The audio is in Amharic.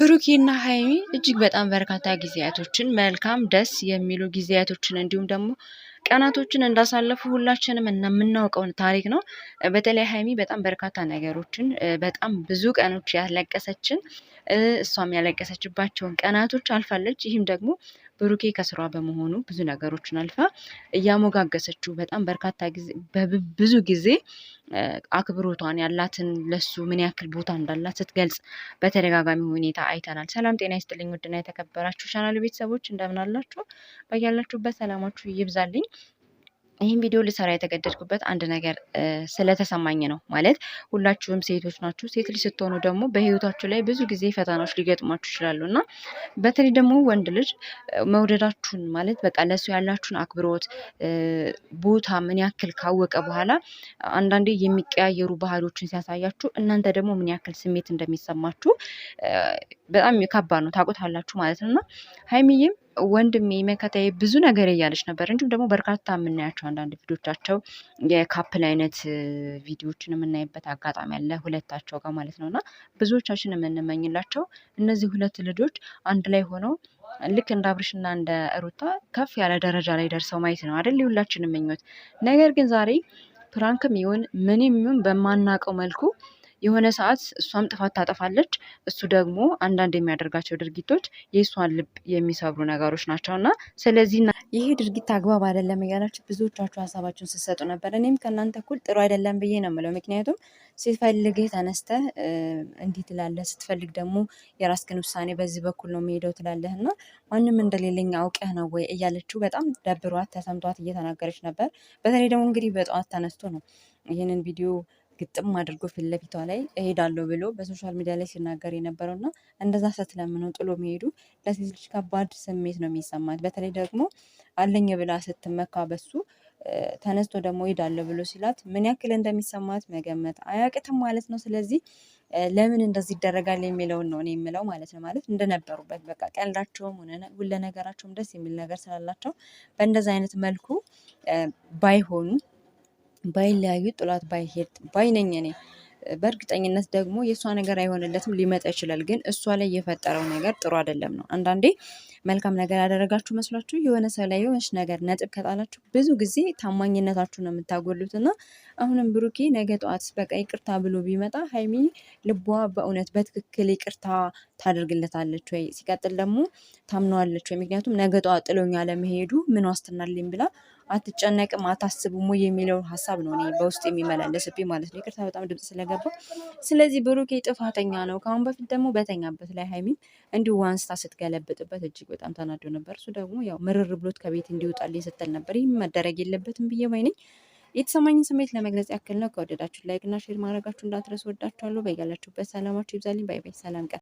ብሩኬና ሀይሚ እጅግ በጣም በርካታ ጊዜያቶችን መልካም ደስ የሚሉ ጊዜያቶችን እንዲሁም ደግሞ ቀናቶችን እንዳሳለፉ ሁላችንም የምናውቀውን ታሪክ ነው። በተለይ ሀይሚ በጣም በርካታ ነገሮችን በጣም ብዙ ቀኖች ያለቀሰችን እሷም ያለቀሰችባቸውን ቀናቶች አልፋለች። ይህም ደግሞ ብሩኬ ከስሯ በመሆኑ ብዙ ነገሮችን አልፋ እያሞጋገሰችው በጣም በርካታ ጊዜ በብዙ ጊዜ አክብሮቷን ያላትን ለሱ ምን ያክል ቦታ እንዳላት ስትገልጽ በተደጋጋሚ ሁኔታ አይተናል። ሰላም ጤና ይስጥልኝ ውድና የተከበራችሁ ቻናል ቤተሰቦች እንደምናላችሁ፣ በያላችሁበት ሰላማችሁ ይብዛልኝ። ይህን ቪዲዮ ልሰራ የተገደድኩበት አንድ ነገር ስለተሰማኝ ነው። ማለት ሁላችሁም ሴቶች ናችሁ። ሴት ልጅ ስትሆኑ ደግሞ በህይወታችሁ ላይ ብዙ ጊዜ ፈተናዎች ሊገጥሟችሁ ይችላሉ እና በተለይ ደግሞ ወንድ ልጅ መውደዳችሁን ማለት በቃ ለሱ ያላችሁን አክብሮት ቦታ ምን ያክል ካወቀ በኋላ አንዳንዴ የሚቀያየሩ ባህሪዎችን ሲያሳያችሁ እናንተ ደግሞ ምን ያክል ስሜት እንደሚሰማችሁ በጣም ከባድ ነው። ታውቁታላችሁ ማለት ነው እና ሀይሚዬም ወንድሜ መከታዬ ብዙ ነገር እያለች ነበር። እንዲሁም ደግሞ በርካታ የምናያቸው አንዳንድ ቪዲዮቻቸው የካፕል አይነት ቪዲዮዎችን የምናይበት አጋጣሚ አለ ሁለታቸው ጋር ማለት ነው እና ብዙዎቻችን የምንመኝላቸው እነዚህ ሁለት ልጆች አንድ ላይ ሆነው ልክ እንደ አብርሽና እንደ ሩታ ከፍ ያለ ደረጃ ላይ ደርሰው ማየት ነው አደል ሁላችን ምኞት። ነገር ግን ዛሬ ፕራንክም ይሁን ምንም ይሁን በማናውቀው መልኩ የሆነ ሰዓት እሷም ጥፋት ታጠፋለች። እሱ ደግሞ አንዳንድ የሚያደርጋቸው ድርጊቶች የእሷን ልብ የሚሰብሩ ነገሮች ናቸው እና ስለዚህ ይሄ ድርጊት አግባብ አይደለም እያላችሁ ብዙዎቻችሁ ሀሳባችሁን ስትሰጡ ነበር። እኔም ከእናንተ እኩል ጥሩ አይደለም ብዬ ነው የምለው። ምክንያቱም ስትፈልግህ ተነስተህ እንዲህ ትላለህ፣ ስትፈልግ ደግሞ የራስህን ውሳኔ በዚህ በኩል ነው የሚሄደው ትላለህ እና ማንም እንደሌለኝ አውቀህ ነው ወይ እያለችው በጣም ደብሯት ተሰምቷት እየተናገረች ነበር። በተለይ ደግሞ እንግዲህ በጠዋት ተነስቶ ነው ይህንን ቪዲዮ ግጥም አድርጎ ፊት ለፊቷ ላይ እሄዳለሁ ብሎ በሶሻል ሚዲያ ላይ ሲናገር የነበረው እና እንደዛ ስትለምነው ጥሎ መሄዱ ለሴት ልጅ ከባድ ስሜት ነው የሚሰማት። በተለይ ደግሞ አለኝ ብላ ስትመካ በሱ ተነስቶ ደግሞ እሄዳለሁ ብሎ ሲላት ምን ያክል እንደሚሰማት መገመት አያቅትም ማለት ነው። ስለዚህ ለምን እንደዚህ ይደረጋል የሚለውን ነው እኔ የምለው ማለት ነው። ማለት እንደነበሩበት በቃ ቀልዳቸውም ሁለ ነገራቸውም ደስ የሚል ነገር ስላላቸው በእንደዚ አይነት መልኩ ባይሆኑ ባይለያዩ ጥሏት ባይሄድ ባይነኝ እኔ። በእርግጠኝነት ደግሞ የእሷ ነገር አይሆንለትም፣ ሊመጣ ይችላል። ግን እሷ ላይ የፈጠረው ነገር ጥሩ አይደለም ነው። አንዳንዴ መልካም ነገር ያደረጋችሁ መስሏችሁ የሆነ ሰው ላይ የሆነች ነገር ነጥብ ከጣላችሁ ብዙ ጊዜ ታማኝነታችሁ ነው የምታጎሉት። እና አሁንም ብሩኬ ነገ ጠዋት በቃ ይቅርታ ብሎ ቢመጣ ሀይሚ ልቧ በእውነት በትክክል ይቅርታ ታደርግለታለች ወይ? ሲቀጥል ደግሞ ታምነዋለች ወይ? ምክንያቱም ነገ ጠዋ ጥሎኛ ለመሄዱ ምን ዋስትናልኝ ብላ አትጨነቅም አታስብም ወይ የሚለው ሀሳብ ነው እኔ በውስጥ የሚመላለስብኝ ማለት ነው። ይቅርታ በጣም ድምፅ ስለገባ። ስለዚህ ብሩኬ ጥፋተኛ ነው። ከአሁን በፊት ደግሞ በተኛበት ላይ ሀይሚን እንዲሁ ዋንስታ ስትገለብጥበት እጅግ በጣም ተናዶ ነበር። እሱ ደግሞ ያው ምርር ብሎት ከቤት እንዲወጣልኝ ስትል ነበር። ይህ መደረግ የለበትም ብዬ ባይ ነኝ። የተሰማኝን ስሜት ለመግለጽ ያክል ነው። ከወደዳችሁ ላይክና ሼር ማድረጋችሁ እንዳትረሱ። ወዳችኋለሁ። በያላችሁበት ሰላማችሁ ይብዛልኝ። ባይ ባይ። ሰላም ቀን